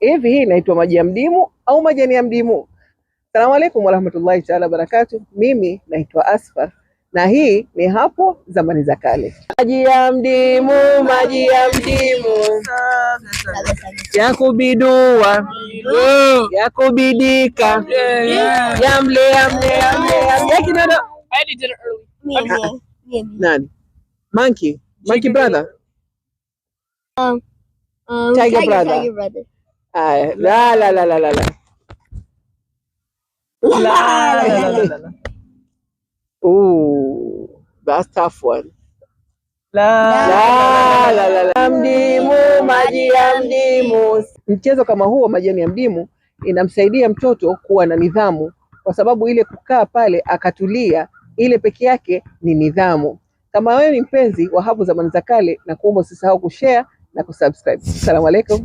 hivi hii inaitwa maji ya mdimu au majani ya mdimu? Salamu alaikum warahmatullahi taala wabarakatu. Mimi naitwa Asfar na hii ni hapo zamani za kale. Maji ya mdimu, maji ya mdimu ya kubidua ya kubidika ya mle ya mle ya mle Nani? Monkey, monkey brother, um, um, tiger brother Ay, that's tough one. Mdimu, maji ya mdimu. Mchezo kama huo majani ya mdimu inamsaidia mtoto kuwa na nidhamu, kwa sababu ile kukaa pale akatulia, ile peke yake ni nidhamu. Kama wewe ni mpenzi wa hapo zamani za kale, na kuomba usisahau kushare na kusubscribe. Asalamu alaikum.